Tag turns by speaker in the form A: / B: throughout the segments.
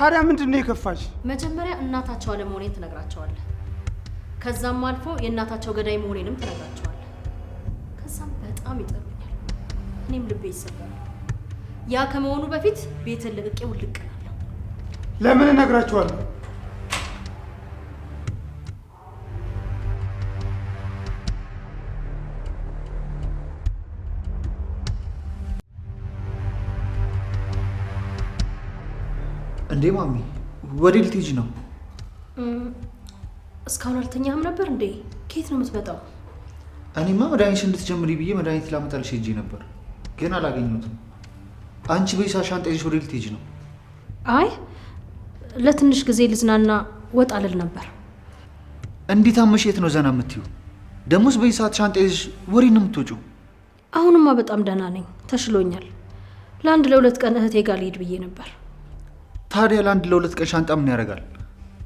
A: ታዲያ ምንድን ነው የከፋሽ?
B: መጀመሪያ እናታቸው አለመሆኔን ትነግራቸዋለህ። ከዛም አልፎ የእናታቸው ገዳይ መሆኔንም ትነግራቸዋለህ። ከዛም በጣም ይጠሩኛል። እኔም ልቤ ይሰበራል። ያ ከመሆኑ በፊት ቤትን ለቅቄ ውልቅ እላለሁ።
A: ለምን እነግራቸዋለሁ? እንዴ ማሚ፣ ወዴት ልትሄጂ ነው?
B: እስካሁን አልተኛህም ነበር እንዴ? ከየት ነው የምትመጣው?
A: እኔማ መድኃኒት እንድትጀምሪ ብዬ መድኃኒት ላመጣልሽ ሄጄ ነበር፣ ግን አላገኘሁትም። አንቺ በይሳ ሻንጣ ይዘሽ ወዴት ልትሄጂ ነው?
B: አይ ለትንሽ ጊዜ ልዝናና ወጣ ልል ነበር።
A: እንዴት አመሽ? የት ነው ዘና የምትዩ? ደሞስ በይሳት ሻንጣ ይዘሽ ነው የምትወጪው?
B: አሁንማ በጣም ደህና ነኝ፣ ተሽሎኛል። ለአንድ ለሁለት ቀን እህቴ ጋር ልሄድ ብዬ ነበር
A: ታዲያ ለአንድ ለሁለት ቀን ሻንጣ ምን ያደርጋል?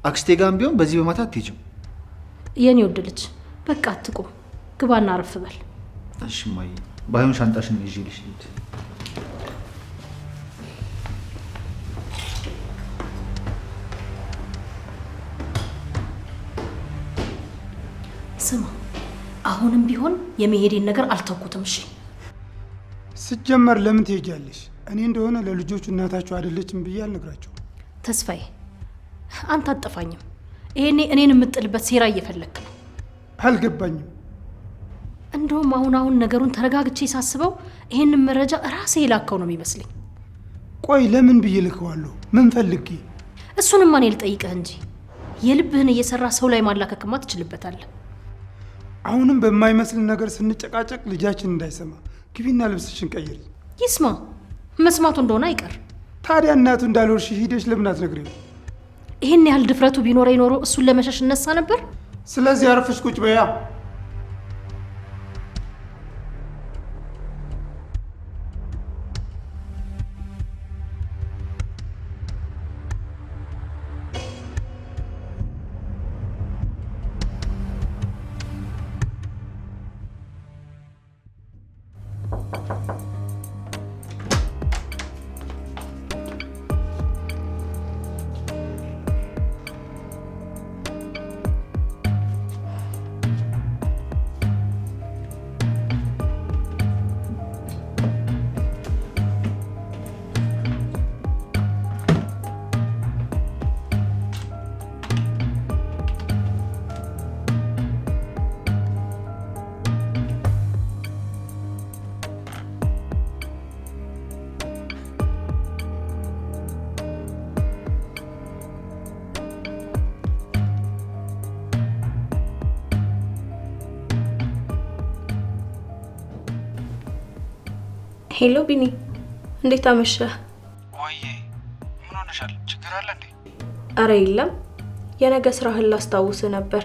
A: አክስቴ ጋም ቢሆን በዚህ በማታ አትሄጂም።
B: የኔ ውድ ልጅ በቃ አትቁ፣ ግባና አረፍ በል።
A: እሺ እማዬ፣ ባይሆን ሻንጣሽን ይዤ ልሽት
B: ስማ አሁንም ቢሆን የመሄዴን ነገር አልተውኩትም። እሺ
A: ስጀመር ለምን ትሄጃለሽ? እኔ እንደሆነ ለልጆቹ እናታቸው አይደለችም ብዬ አልነግራቸው
B: ተስፋዬ አንተ አጠፋኝም። ይሄኔ እኔን የምጥልበት ሴራ እየፈለክ ነው።
A: አልገባኝም።
B: እንደውም አሁን አሁን ነገሩን ተረጋግቼ ሳስበው ይሄንን መረጃ ራሴ የላከው ነው የሚመስለኝ።
A: ቆይ ለምን ብዬ ልከዋለሁ? ምን ፈልጌ?
B: እሱንማ እኔ ልጠይቅህ እንጂ የልብህን እየሰራ ሰው ላይ ማላከክማ ትችልበታለህ።
A: አሁንም በማይመስል ነገር ስንጨቃጨቅ ልጃችን እንዳይሰማ ግቢና ልብስሽን ቀይሪ።
B: ይስማ መስማቱ እንደሆነ አይቀር
A: ታዲያ እናቱ እንዳልሆንሽ ሂደሽ ለምን አትነግሪው?
B: ይህን ያህል ድፍረቱ ቢኖረ ይኖሮ እሱን ለመሸሽ እነሳ ነበር።
A: ስለዚህ አርፈሽ ቁጭ በያ
B: ሄሎ ቢኒ፣ እንዴት አመሸህ?
C: ወይዬ ምን ሆነሻል? ችግር አለ እንዴ?
B: አረ የለም፣ የነገ ስራህን ላስታውስህ ነበር።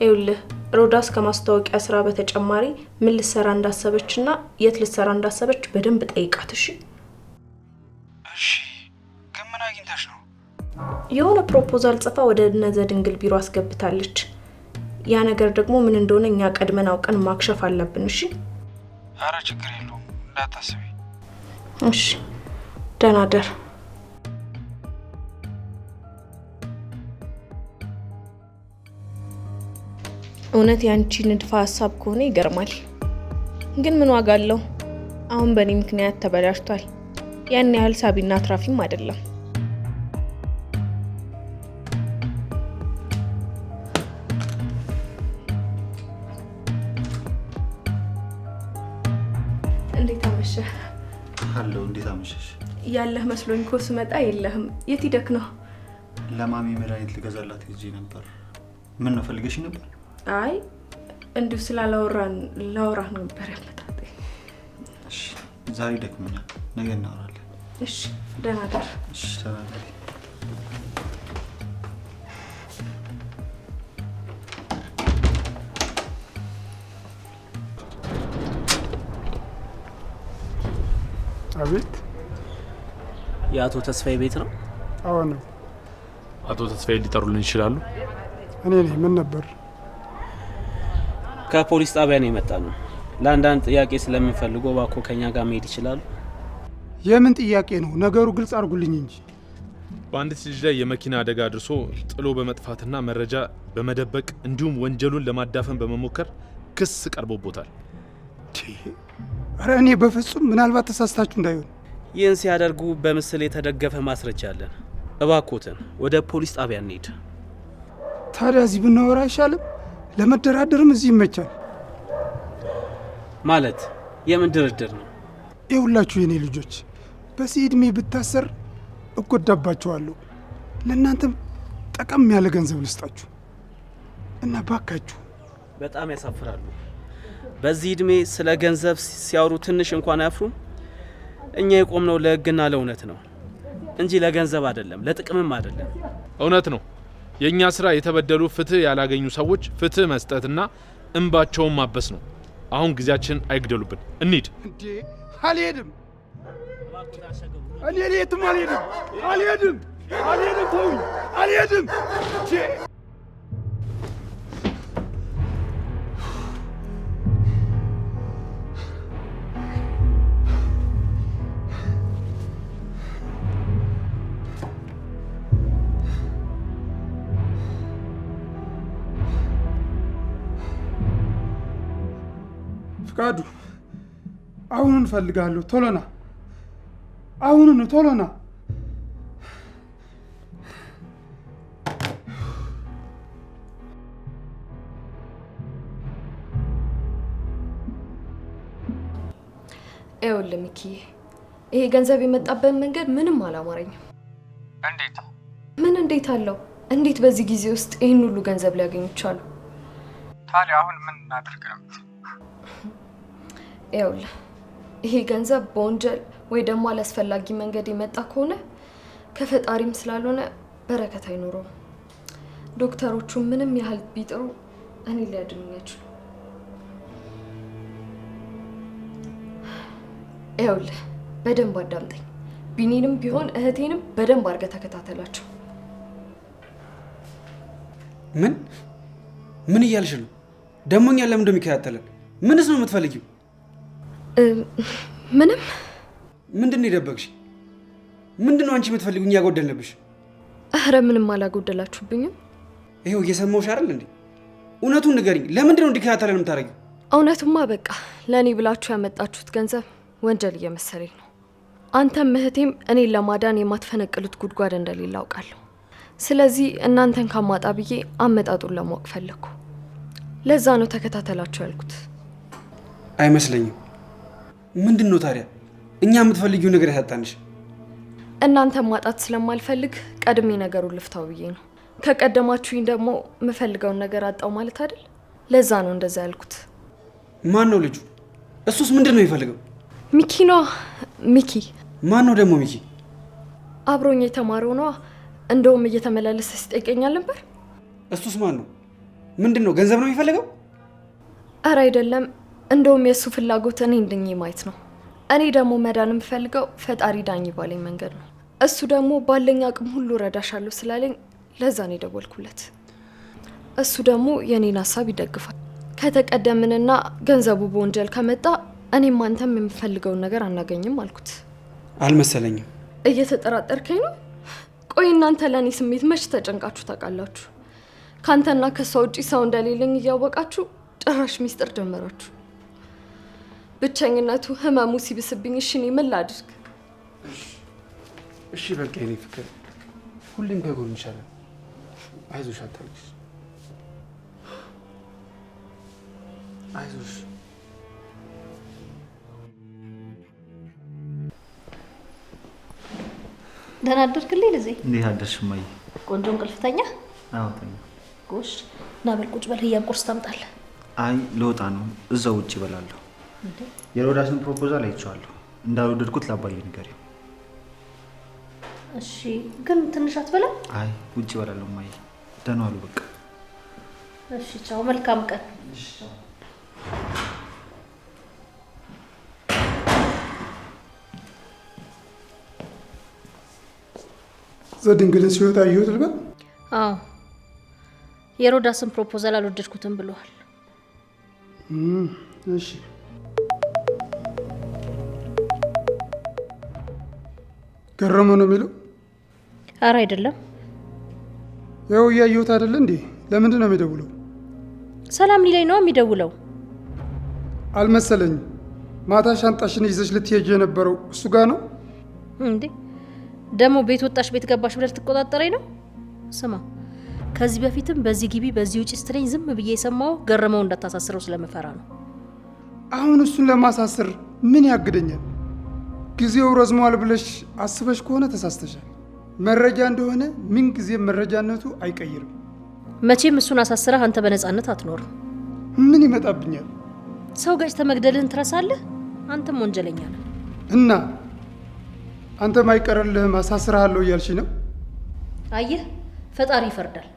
B: ይኸውልህ ሮዳስ ከማስታወቂያ ስራ በተጨማሪ ምን ልትሰራ እንዳሰበች እና የት ልትሰራ እንዳሰበች በደንብ ጠይቃት። እሺ?
C: እሺ። ግን ምን አግኝታሽ ነው?
B: የሆነ ፕሮፖዛል ጽፋ ወደ እነዘ ድንግል ቢሮ አስገብታለች። ያ ነገር ደግሞ ምን እንደሆነ እኛ ቀድመን አውቀን ማክሸፍ አለብን። እሺ?
C: አረ ችግር የለም እንዳታስቢ
B: እሺ። ደህና ደር። እውነት የአንቺ ንድፈ ሀሳብ ከሆነ ይገርማል፣ ግን ምን ዋጋ አለው? አሁን በእኔ ምክንያት ተበላሽቷል። ያን ያህል ሳቢና አትራፊም አይደለም። መስሎኝ እኮ ስመጣ የለህም። የት ሂደክ ነው?
A: ለማሚ መድኃኒት ልገዛላት ጊዜ ነበር። ምን ነው ፈልገሽ ነበር?
B: አይ እንዲሁ ስላላወራን ላወራ ነበር ያመጣጠኝ።
A: ዛሬ ደክመኛል፣ ነገ እናወራለን።
B: እሺ ደህና ደር።
A: እሺ ደህና ደር። አቤት
D: የአቶ ተስፋዬ ቤት ነው? አዎ ነው። አቶ ተስፋዬ ሊጠሩልን ይችላሉ?
A: እኔ ነኝ። ምን ነበር?
D: ከፖሊስ ጣቢያ ነው የመጣ ነው። ለአንዳንድ ጥያቄ ስለምንፈልገው ባኮ ከኛ ጋር መሄድ ይችላሉ?
A: የምን ጥያቄ ነው? ነገሩ ግልጽ አድርጉልኝ እንጂ።
D: በአንዲት ልጅ ላይ የመኪና አደጋ አድርሶ ጥሎ በመጥፋትና መረጃ በመደበቅ እንዲሁም ወንጀሉን ለማዳፈን በመሞከር ክስ ቀርቦቦታል።
A: ኧረ እኔ በፍጹም ምናልባት ተሳስታችሁ እንዳይሆን
D: ይህን ሲያደርጉ በምስል የተደገፈ ማስረጃ አለን። እባኮትን ወደ ፖሊስ ጣቢያ እንሄድ።
A: ታዲያ እዚህ ብናወራ አይሻልም? ለመደራደርም እዚህ ይመቻል።
D: ማለት የምን ድርድር ነው?
A: የሁላችሁ የኔ ልጆች በዚህ ዕድሜ ብታሰር እጎዳባችኋለሁ። ለእናንተም ጠቀም ያለ ገንዘብ ልስጣችሁ እና ባካችሁ።
D: በጣም ያሳፍራሉ። በዚህ ዕድሜ ስለ ገንዘብ ሲያወሩ ትንሽ እንኳን አያፍሩም። እኛ የቆምነው ለህግና ለእውነት ነው እንጂ ለገንዘብ አይደለም፣ ለጥቅምም አይደለም። እውነት ነው። የእኛ ስራ የተበደሉ ፍትህ ያላገኙ ሰዎች ፍትህ መስጠትና እንባቸውን ማበስ ነው። አሁን ጊዜያችን አይግደሉብን፣ እንሂድ።
A: እንዴ አልሄድም፣ እኔ የትም አልሄድም፣ አልሄድም፣ አልሄድም፣ ተውኝ፣ አልሄድም። ፍቃዱ፣ አሁን እንፈልጋለሁ። ቶሎና፣ አሁኑን፣ ቶሎና።
B: ኤውል ሚኪዬ፣ ይሄ ገንዘብ የመጣበት መንገድ ምንም አላማረኝም። እንዴት? ምን እንዴት አለው? እንዴት በዚህ ጊዜ ውስጥ ይህን ሁሉ ገንዘብ ሊያገኙ ቻሉ?
C: ታዲያ አሁን ምን እናደርግ ነው?
B: ይኸውልህ ይሄ ገንዘብ በወንጀል ወይ ደግሞ አላስፈላጊ መንገድ የመጣ ከሆነ ከፈጣሪም ስላልሆነ በረከት አይኖረውም። ዶክተሮቹ ምንም ያህል ቢጥሩ እኔ ሊያድኑኝ አይችሉም። በደንብ አዳምጠኝ። ቢኒንም ቢሆን እህቴንም በደንብ አድርገህ ተከታተላቸው።
A: ምን ምን እያልሽ ነው? ደሞኛ ለምን እንደሚከታተለን? ምንስ ነው የምትፈልጊው? ምንም። ምንድን ነው የደበቅሽ? ምንድን ነው አንቺ የምትፈልጉኝ? ያጎደልንብሽ?
B: ኧረ ምንም አላጎደላችሁብኝም።
A: ይኸው እየሰማሁሽ አይደል እንዴ? እውነቱን ንገሪኝ። ለምንድን ነው እንዲከታተለን የምታደርጊው?
B: እውነቱማ በቃ ለእኔ ብላችሁ ያመጣችሁት ገንዘብ ወንጀል እየመሰለኝ ነው። አንተም እህቴም እኔን ለማዳን የማትፈነቅሉት ጉድጓድ እንደሌለ አውቃለሁ። ስለዚህ እናንተን ካማጣ ብዬ አመጣጡን ለማወቅ ፈለግኩ። ለዛ ነው ተከታተላችሁ ያልኩት።
A: አይመስለኝም ምንድን ነው ታዲያ? እኛ የምትፈልጊው ነገር ያሳጣንሽ?
B: እናንተን ማጣት ስለማልፈልግ ቀድሜ ነገሩን ልፍታው ብዬ ነው። ከቀደማችሁኝ ደግሞ የምፈልገውን ነገር አጣው ማለት አይደል? ለዛ ነው እንደዛ ያልኩት።
A: ማን ነው ልጁ? እሱስ ምንድን ነው የሚፈልገው?
B: ሚኪ ነዋ። ሚኪ
A: ማን ነው ደግሞ? ሚኪ
B: አብሮኝ የተማረው ነዋ። እንደውም እየተመላለሰ ሲጠይቀኛል ነበር።
A: እሱስ ማን ነው? ምንድን ነው ገንዘብ ነው የሚፈልገው?
B: እረ አይደለም እንደውም የእሱ ፍላጎት እኔ እንድኝ ማየት ነው። እኔ ደግሞ መዳን የምፈልገው ፈጣሪ ዳኝ ባለኝ መንገድ ነው። እሱ ደግሞ ባለኝ አቅም ሁሉ ረዳሻለሁ ስላለኝ ለዛ ነው የደወልኩለት። እሱ ደግሞ የእኔን ሀሳብ ይደግፋል። ከተቀደምንና ገንዘቡ በወንጀል ከመጣ እኔም አንተም የምፈልገውን ነገር አናገኝም አልኩት።
A: አልመሰለኝም።
B: እየተጠራጠርከኝ ነው። ቆይ እናንተ ለእኔ ስሜት መች ተጨንቃችሁ ታውቃላችሁ? ከአንተና ከሷ ውጪ ሰው እንደሌለኝ እያወቃችሁ ጭራሽ ሚስጥር ጀመራችሁ። ብቸኝነቱ ህመሙ ሲብስብኝ፣ እሺ እኔ ምን ላድርግ?
A: እሺ በቃ የኔ ፍቅር፣ ሁሌም ከጎን ይሻላል። አይዞሽ፣ አታልቅሽ። አይዞሽ።
B: ደህና አደርክልኝ ልዜ።
A: እንዴት አደርሽ እማዬ?
B: ቆንጆ እንቅልፍተኛ? አዎ ተኛ። ጎሽ፣ ና በል ቁጭ በል። ህያብ ቁርስ ታምጣለህ?
A: አይ ልወጣ ነው፣ እዛው ውጭ ይበላለሁ። የሮዳስን ፕሮፖዛል አይቼዋለሁ። እንዳልወደድኩት ለአባዬ ንገሪው።
B: እሺ፣ ግን ትንሽ አትበላም?
A: አይ ውጭ እበላለሁ እማዬ። ደህና ዋሉ። በቃ
B: እሺ፣ ቻው። መልካም ቀን።
A: ዘድንግልን ሲወጣ ይሁት ልበል።
B: አዎ የሮዳስን ፕሮፖዛል አልወደድኩትም ብለዋል።
A: እሺ ገረመ ነው የሚለው? አረ አይደለም። ያው እያየሁት አይደለ እንዴ? ለምንድን ነው የሚደውለው?
B: ሰላም ሊለኝ ነው የሚደውለው።
A: አልመሰለኝ ማታ ሻንጣሽን ይዘሽ ልትሄጅ የነበረው እሱ ጋር ነው
B: እንዴ? ደግሞ ቤት ወጣሽ ቤት ገባሽ ብለህ ልትቆጣጠረኝ ነው? ስማ፣ ከዚህ በፊትም በዚህ ግቢ በዚህ ውጭ ስትለኝ ዝም ብዬ የሰማው ገረመው እንዳታሳስረው ስለምፈራ ነው።
A: አሁን እሱን ለማሳስር ምን ያግደኛል? ጊዜው ረዝሟል ብለሽ አስበሽ ከሆነ ተሳስተሻል። መረጃ እንደሆነ ምን ጊዜ መረጃነቱ አይቀይርም።
B: መቼም እሱን አሳስረህ አንተ በነፃነት አትኖርም።
A: ምን ይመጣብኛል?
B: ሰው ገጭ ተመግደልን ትረሳለህ። አንተም ወንጀለኛ ነው
A: እና አንተም አይቀርልህም። አሳስረሃለሁ እያልሽ ነው።
B: አየህ፣ ፈጣሪ ይፈርዳል።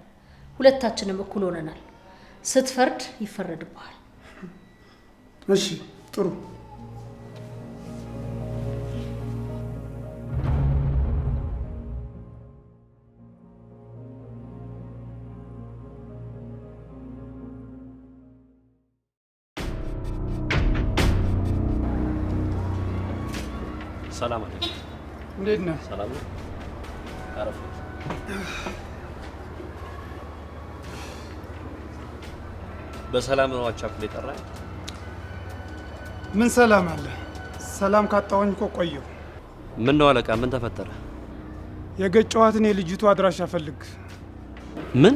B: ሁለታችንም እኩል ሆነናል። ስትፈርድ ይፈረድብሃል።
A: እሺ፣ ጥሩ ሰላም አለ። እንዴት ነህ?
D: ሰላም ነው። አረፍ በሰላም ነው። አቻኩል የጠራ
A: ምን ሰላም አለ? ሰላም ካጣሁኝ እኮ ቆየሁ።
D: ምን ነው አለቃ፣ ምን ተፈጠረ?
A: የገጨኋትን የልጅቱ አድራሻ ፈልግ።
D: ምን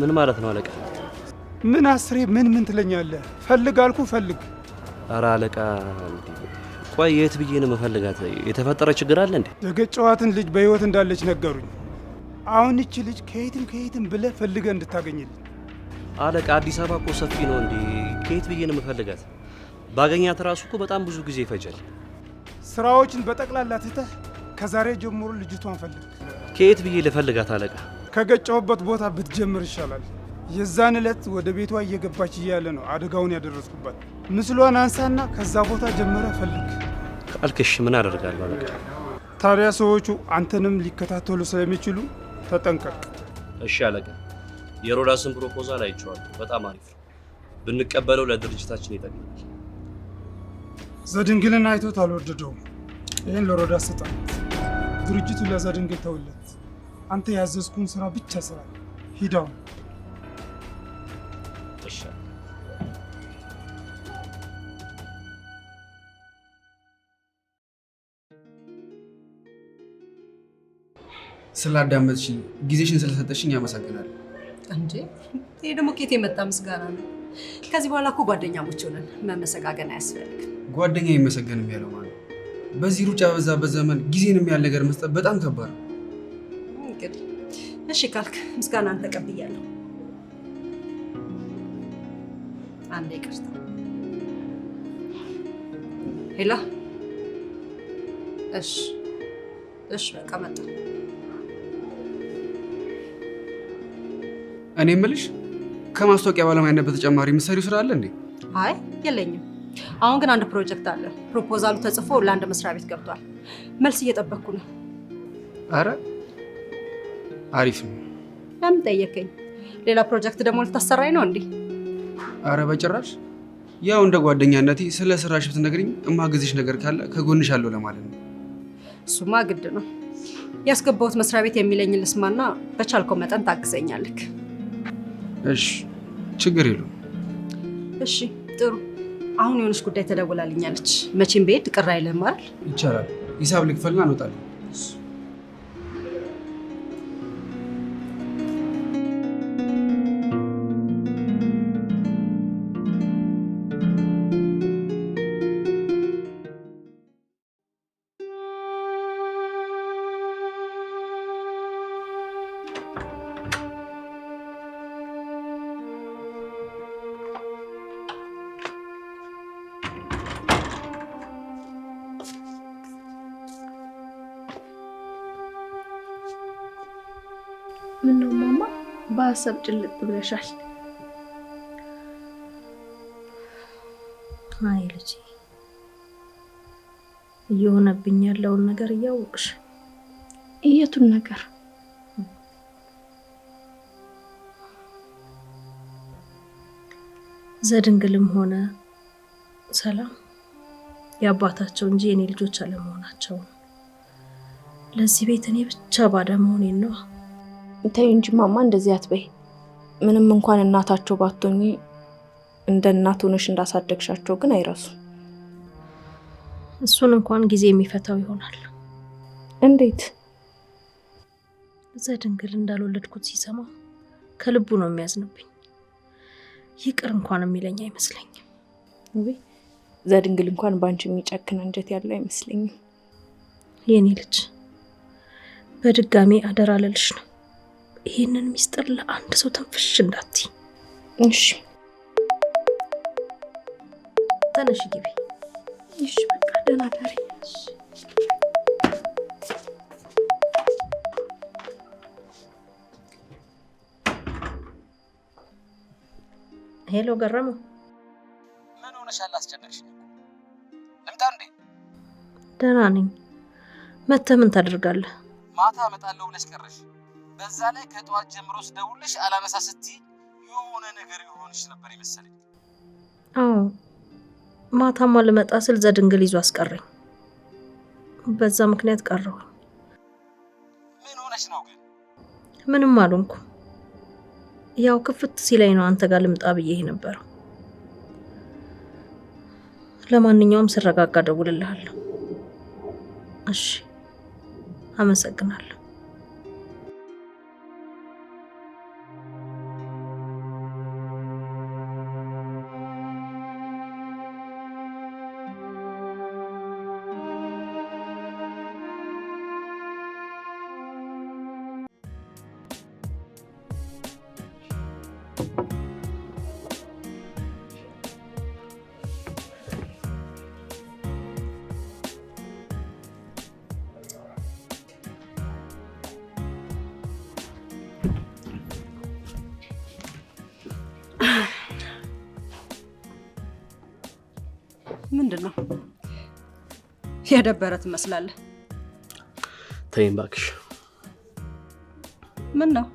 D: ምን ማለት ነው አለቃ?
A: ምን አስሬ ምን ምን ትለኛለህ? ፈልግ አልኩ ፈልግ
D: ኧረ አለቃ ቆይ የት ብዬ ነው መፈልጋት? የተፈጠረ ችግር አለ እንዴ?
A: የገጨዋትን ልጅ በህይወት እንዳለች ነገሩኝ። አሁን እቺ ልጅ ከየትም ከየትም ብለ ፈልገ እንድታገኝልኝ።
D: አለቃ አዲስ አበባ እኮ ሰፊ ነው እንዴ? ከየት ብዬ ነው መፈልጋት? ባገኛት ራሱ እኮ በጣም ብዙ ጊዜ ይፈጃል።
A: ስራዎችን በጠቅላላ ትተህ ከዛሬ ጀምሮ ልጅቷን ፈልግ።
D: ከየት ብዬ ልፈልጋት አለቃ?
A: ከገጨሁበት ቦታ ብትጀምር ይሻላል። የዛን ዕለት ወደ ቤቷ እየገባች እያለ ነው አደጋውን ያደረስኩባት። ምስሏን አንሳና ከዛ ቦታ ጀምረ ፈልግ
D: አልክሽ። ምን አደርጋለሁ አለቃ?
A: ታዲያ ሰዎቹ አንተንም ሊከታተሉ ስለሚችሉ ተጠንቀቅ።
D: እሺ አለቃ። የሮዳስን ፕሮፖዛል አይቼዋለሁ። በጣም አሪፍ ነው። ብንቀበለው ለድርጅታችን ይጠቅማል።
A: ዘድንግልን አይቶት አልወደደውም። ይህን ለሮዳስ ስጣት። ድርጅቱ ለዘድንግል ተውለት። አንተ ያዘዝኩን ስራ ብቻ ስራ። ሂዳውን ስላዳመጥሽኝ ጊዜሽን ስለሰጠሽኝ ያመሰግናል።
B: እንዴ ይህ ደግሞ ኬት የመጣ ምስጋና ነው። ከዚህ በኋላ እኮ ጓደኛሞች ሆነን መመሰጋገን አያስፈልግም።
A: ጓደኛ ይመሰገን የሚያለው ማለት በዚህ ሩጫ በዛበት ዘመን ጊዜን የሚያል ነገር መስጠት በጣም ከባድ ነው።
B: እንግዲህ እሺ ካልክ ምስጋናን ተቀብያለሁ። አንዴ ይቅርታ። ሄላ እሺ፣ እሺ በቃ መጣ
A: እኔ የምልሽ ከማስታወቂያ ባለሙያነት በተጨማሪ የምትሰሪው ስራ አለ እንዴ?
B: አይ የለኝም። አሁን ግን አንድ ፕሮጀክት አለ። ፕሮፖዛሉ ተጽፎ ለአንድ መስሪያ ቤት ገብቷል። መልስ እየጠበቅኩ ነው።
A: አረ አሪፍ ነው።
B: ለምን ጠየከኝ? ሌላ ፕሮጀክት ደግሞ ልታሰራኝ ነው እንዴ?
A: አረ በጭራሽ። ያው እንደ ጓደኛነቴ ስለ ስራሽ ብትነግሪኝ እማግዝሽ ነገር ካለ ከጎንሽ አለው ለማለት ነው።
B: እሱማ ግድ ነው። ያስገባሁት መስሪያ ቤት የሚለኝን ልስማና በቻልከው መጠን ታግዘኛለህ።
A: እሺ፣ ችግር የለውም።
B: እሺ፣ ጥሩ። አሁን የሆነች ጉዳይ ተደውላልኛለች። መቼም ብሄድ ቅር አይልህም አይደል?
A: ይቻላል። ሂሳብ ልክፈልና እንወጣለን።
B: በሀሳብ ጭልጥ ብለሻል። አይ ልጄ እየሆነብኝ ያለውን ነገር እያወቅሽ እየቱን ነገር ዘድንግልም ሆነ ሰላም የአባታቸው እንጂ የኔ ልጆች አለመሆናቸውን ለዚህ ቤት እኔ ብቻ ባዳ መሆኔን ነው።
E: ተይ እንጂ ማማ እንደዚህ አትበይ። ምንም እንኳን እናታቸው ባቶኝ እንደ እናት ሆነሽ እንዳሳደግሻቸው ግን አይረሱም።
B: እሱን እንኳን ጊዜ የሚፈታው ይሆናል። እንዴት? እዛ ድንግል እንዳልወለድኩት ሲሰማ ከልቡ ነው የሚያዝንብኝ። ይቅር እንኳን የሚለኝ አይመስለኝም።
E: እዛ ድንግል እንኳን በአንቺ የሚጨክን አንጀት ያለው አይመስለኝም።
B: የኔ ልጅ በድጋሚ አደራ ልልሽ ነው ይህንን ሚስጥር ለአንድ ሰው ተንፍሽ እንዳት። እሺ? ተነሽ ግቢ። እሺ በቃ ደህና ደሪ። ሄሎ ገረሙ፣
F: ምን ሆነሻል? አስጨነቅሽ። ልምጣ እንዴ?
B: ደህና ነኝ። መተህ ምን ታደርጋለህ?
F: ማታ እመጣለሁ ብለሽ ቀረሽ። በዛ ላይ ከጠዋት ጀምሮ ስደውልሽ አላነሳ ስቲ የሆነ ነገር የሆንሽ ነበር የመሰለኝ።
B: አዎ ማታማ ልመጣ ስል ዘድንግል ይዞ አስቀረኝ። በዛ ምክንያት ቀረሁኝ።
F: ምን ሆነሽ ነው ግን?
B: ምንም አልሆንኩ። ያው ክፍት ሲላይ ነው አንተ ጋር ልምጣ ብዬ ነበረው። ለማንኛውም ስረጋጋ ደውልልሃለሁ። እሺ፣ አመሰግናለሁ። ምንድን ነው የደበረ ትመስላለህ? ተይኝ እባክሽ። ምን ነው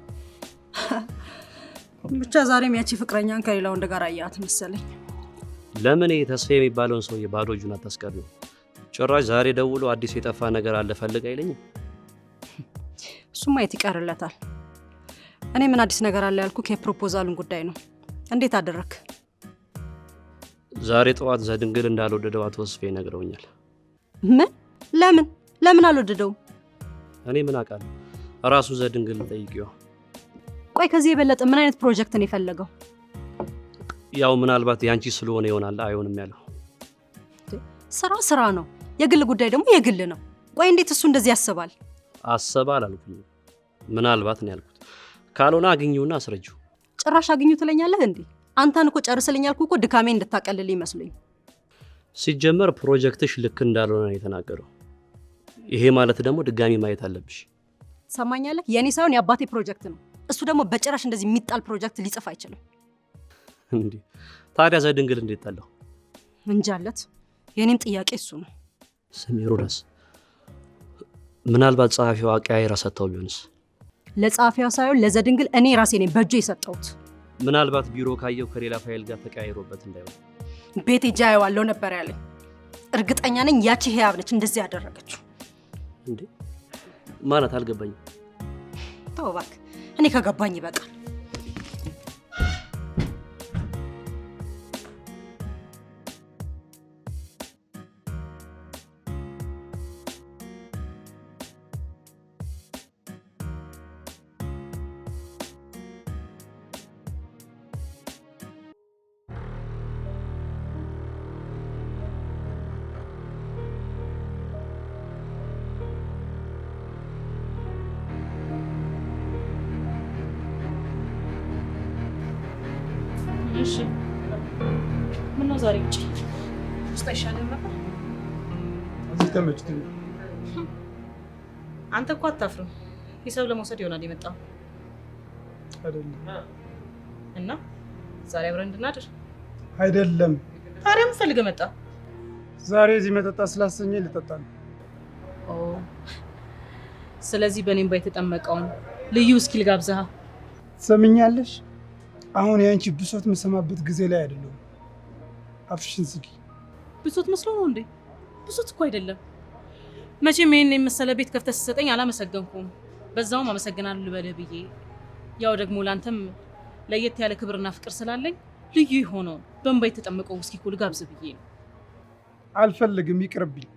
B: ብቻ ዛሬም ያቺ ፍቅረኛን ከሌላ ወንድ ጋር አያት መሰለኝ።
D: ለምን ተስፋ የሚባለውን ሰው ባዶ እጁን አታስቀርም? ጭራሽ ዛሬ ደውሎ አዲስ የጠፋ ነገር አለ ፈልግ አይለኝም።
B: እሱም ይቀርለታል። እኔ ምን አዲስ ነገር አለ ያልኩ የፕሮፖዛሉን ጉዳይ ነው። እንዴት አደረክ?
D: ዛሬ ጠዋት ዘድንግል እንዳልወደደው አቶ ወስፌ ነግረውኛል።
B: ምን? ለምን ለምን አልወደደውም?
D: እኔ ምን አውቃለሁ? ራሱ ዘድንግል ጠይቂዋ።
B: ቆይ ከዚህ የበለጠ ምን አይነት ፕሮጀክት ነው የፈለገው?
D: ያው ምናልባት ያንቺ ስለሆነ ይሆናል አይሆንም ያለው።
B: ስራ ስራ ነው፣ የግል ጉዳይ ደግሞ የግል ነው። ቆይ እንዴት እሱ እንደዚህ ያስባል?
D: አሰባ አላልኩም፣ ምናልባት ነው ያልኩት። ካልሆነ አግኙና አስረጅው።
B: ጭራሽ አግኙ ትለኛለህ እንዴ? አንተን እኮ ጨርስልኝ ያልኩህ እኮ ድካሜ እንድታቀልል ይመስሉኝ።
D: ሲጀመር ፕሮጀክትሽ ልክ እንዳልሆነ ነው የተናገረው። ይሄ ማለት ደግሞ ድጋሚ ማየት አለብሽ።
B: ሰማኛለህ? የእኔ ሳይሆን የአባቴ ፕሮጀክት ነው። እሱ ደግሞ በጭራሽ እንደዚህ የሚጣል ፕሮጀክት ሊጽፍ አይችልም።
D: እንዴ ታዲያ ዘድንግል እንዴት ጠላሁ?
B: እንጃለት። የእኔም ጥያቄ እሱ ነው።
D: ስሜሩ ረስ ምናልባት ጸሐፊዋ ቀያይራ ሰጥተው ቢሆንስ?
B: ለጸሐፊዋ ሳይሆን ለዘድንግል እኔ ራሴ ነኝ በእጄ የሰጠሁት።
D: ምናልባት ቢሮ ካየው ከሌላ ፋይል ጋር ተቀያይሮበት እንዳይሆን
B: ቤት እጃ አየዋለሁ ነበር ያለኝ። እርግጠኛ ነኝ ያቺ ህያብ ነች እንደዚህ ያደረገችው።
D: እንዴ ማለት አልገባኝ።
B: ተው እባክህ፣ እኔ ከገባኝ ይበቃል።
A: እዚህ ተመችቶኝ
B: አንተ እኮ አታፍርም። ሂሳብ ለመውሰድ ይሆናል የመጣው አይደለም። እና ዛሬ አብረን እንድናድር አይደለም። ታዲያ ምን ፈልገህ መጣ?
A: ዛሬ እዚህ መጠጣ ስላሰኘ ልጠጣ ነው።
B: ስለዚህ በእኔም ባይ የተጠመቀውን ልዩ እስኪል ጋብዝሃ።
A: ትሰምኛለሽ? አሁን የአንቺ ብሶት የምሰማበት ጊዜ ላይ አይደለም። አፍሽን ዝጊ።
B: ብሶት መስሎ ነው እንዴ? ብዙት እኮ አይደለም። መቼም ይህን የመሰለ ቤት ከፍተህ ስትሰጠኝ አላመሰገንኩም። በዛውም አመሰግናለሁ ልበልህ ብዬ ያው ደግሞ ላንተም ለየት ያለ ክብርና ፍቅር ስላለኝ ልዩ የሆነውን በእንባ የተጠመቀው ውስኪ እኮ ልጋብዝ ብዬ ነው።
A: አልፈልግም፣ ይቅርብኝ።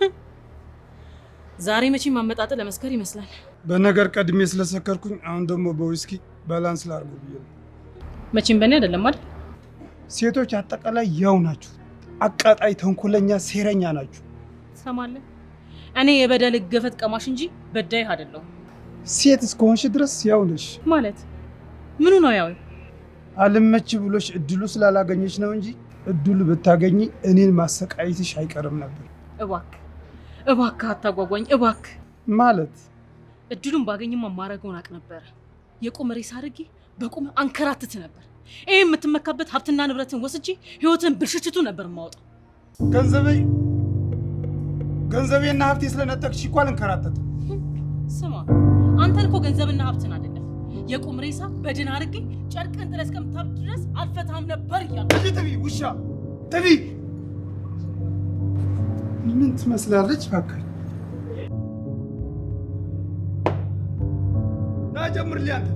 B: ዛሬ መቼም ማመጣጥ ለመስከር ይመስላል።
A: በነገር ቀድሜ ስለሰከርኩኝ አሁን ደግሞ በውስኪ ባላንስ ላርጉ ብዬ ነው።
B: መቼም በእኔ አይደለም አይደል
A: ሴቶች አጠቃላይ ያው ናችሁ። አቃጣይ፣ ተንኮለኛ፣ ሴረኛ ናችሁ።
B: ትሰማለህ? እኔ የበደል ገፈት ቀማሽ እንጂ በዳይ አይደለሁም።
A: ሴት እስከሆንሽ ድረስ ያው ነሽ
B: ማለት ምኑ ነው? ያው
A: አልመች ብሎሽ እድሉ ስላላገኘች ነው እንጂ እድሉ ብታገኝ እኔን ማሰቃየትሽ አይቀርም ነበር።
B: እባክህ እባክህ አታጓጓኝ እባክ ማለት እድሉን ባገኝማ ማረገውን አቅ ነበረ። የቁም ሬሳ አድርጌ በቁም አንከራትት ነበር። ይህ የምትመካበት ሀብትና ንብረትን ወስጄ ህይወትን ብልሽችቱ ነበር የማወጣው።
A: ገንዘቤ ገንዘቤና ሀብቴ ስለነጠቅሽ እኮ አልንከራተትም።
B: ስማ አንተን እኮ ገንዘብና ሀብትን አይደለም የቁም ሬሳ በድን አድርጌ ጨርቅን ጥለህ እስከምታብድ ድረስ አልፈታም ነበር እያልኩ
A: ጥቢ ውሻ ጥቢ ምን ትመስላለች? በቃ ና ጀምር ሊያንተ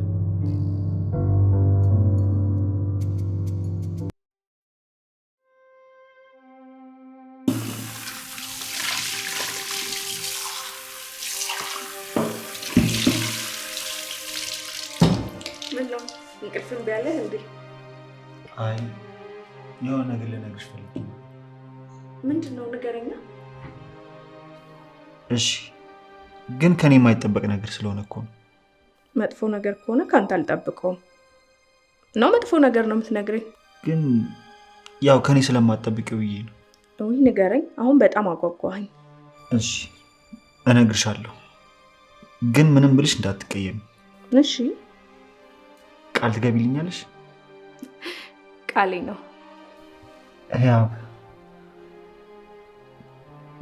A: አይ የሆነ ነገር ልነግርሽ ፈልጌ ነው።
B: ምንድን ነው? ንገረኛ።
A: እሺ፣ ግን ከኔ የማይጠበቅ ነገር ስለሆነ እኮ ነው።
B: መጥፎ ነገር ከሆነ ከአንተ አልጠብቀውም። ነው መጥፎ ነገር ነው የምትነግረኝ?
A: ግን ያው ከኔ ስለማትጠብቂው ብዬ ነው።
B: ውይ ንገረኝ፣ አሁን በጣም አጓጓኸኝ።
A: እሺ፣ እነግርሻለሁ፣ ግን ምንም ብልሽ እንዳትቀየም። እሺ፣ ቃል ትገቢልኛለሽ? ቃሌ ነው። ያው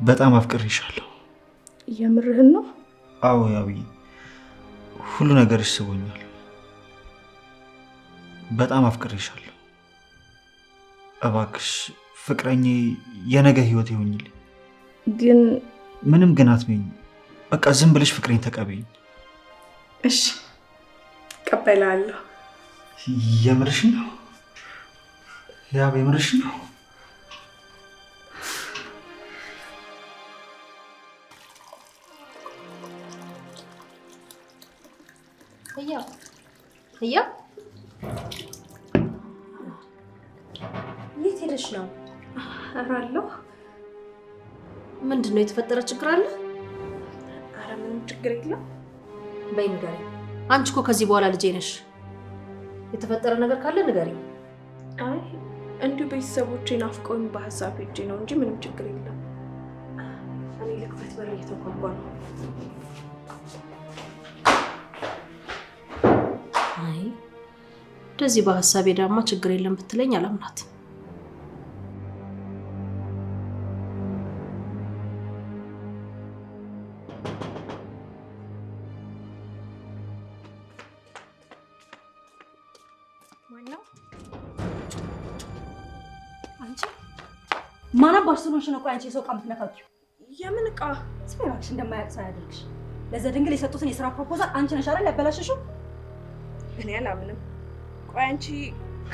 A: በጣም አፍቅሬሻለሁ።
B: የምርህን ነው?
A: አዎ ያብዬ፣ ሁሉ ነገር ይስቦኛል። በጣም አፍቅሬሻለሁ። እባክሽ ፍቅረኛ፣ የነገ ህይወት ይሆኝልኝ። ግን ምንም ግን አትመኝ። በቃ ዝም ብለሽ ፍቅሬን ተቀበይኝ።
B: እሺ ቀበላለሁ።
A: የምርሽ ነው? ያ የምርሽ ነው።
B: ህያው የት ሄደሽ ነው? ኧረ አለሁ። ምንድን ነው የተፈጠረ? ችግር አለ?
G: ኧረ ምንም ችግር የለም።
B: በይ ንገሪኝ። አንቺ እኮ ከዚህ በኋላ ልጄ ነሽ። የተፈጠረ ነገር ካለ ንገሪኝ።
G: አይ እንዲሁ ቤተሰቦቼ ናፍቀውኝ በሀሳብ ሄጄ ነው እንጂ ምንም ችግር የለም። እኔ ልክፈት፣ በር እየተጓጓ ነው።
B: አይ እንደዚህ በሀሳቤ ዳማ ችግር የለም ብትለኝ አላምናትም። ስለሆንሽ ነው እኮ አንቺ የሰው እቃ የምትነካኪው። የምን እቃ? ስሜ እባክሽ እንደማያውቅ ሰው ያደርግሽ። ለዘድንግል የሰጡትን የስራ ፕሮፖዛል አንቺ ነሽ አይደል ያበላሸሽው?
G: እኔ አላምንም። ቆይ አንቺ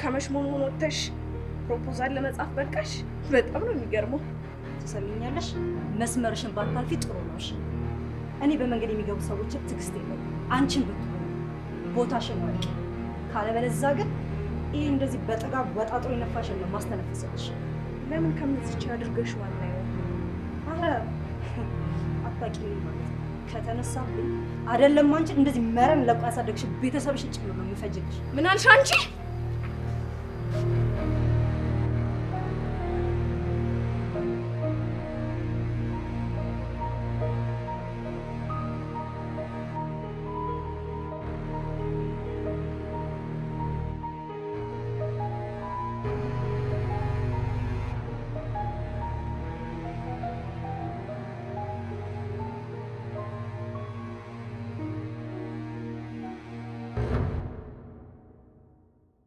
G: ከመሽሞን ወጥተሽ ፕሮፖዛል ለመጻፍ በቃሽ? በጣም ነው የሚገርመው።
B: ትሰሚኛለሽ? መስመርሽን ባታልፊ ጥሩ ነው። እኔ በመንገድ የሚገቡ ሰዎች ትዕግስት የለም። አንቺን ብትሆኑ ቦታሽን ወቂ። ካለበለዛ ግን ይህ እንደዚህ በጥጋብ ወጣጥሮ የነፋሽን ነው ማስተነፈሰልሽ።
G: ለምን ከምትች አድርገሽ ዋና
B: አረ አታቂ ከተነሳብኝ አይደለም አንቺ እንደዚህ መረን ለቆ ያሳደግሽ ቤተሰብሽ ጭምር ነው የምፈጅልሽ። ምን አልሽ አንቺ?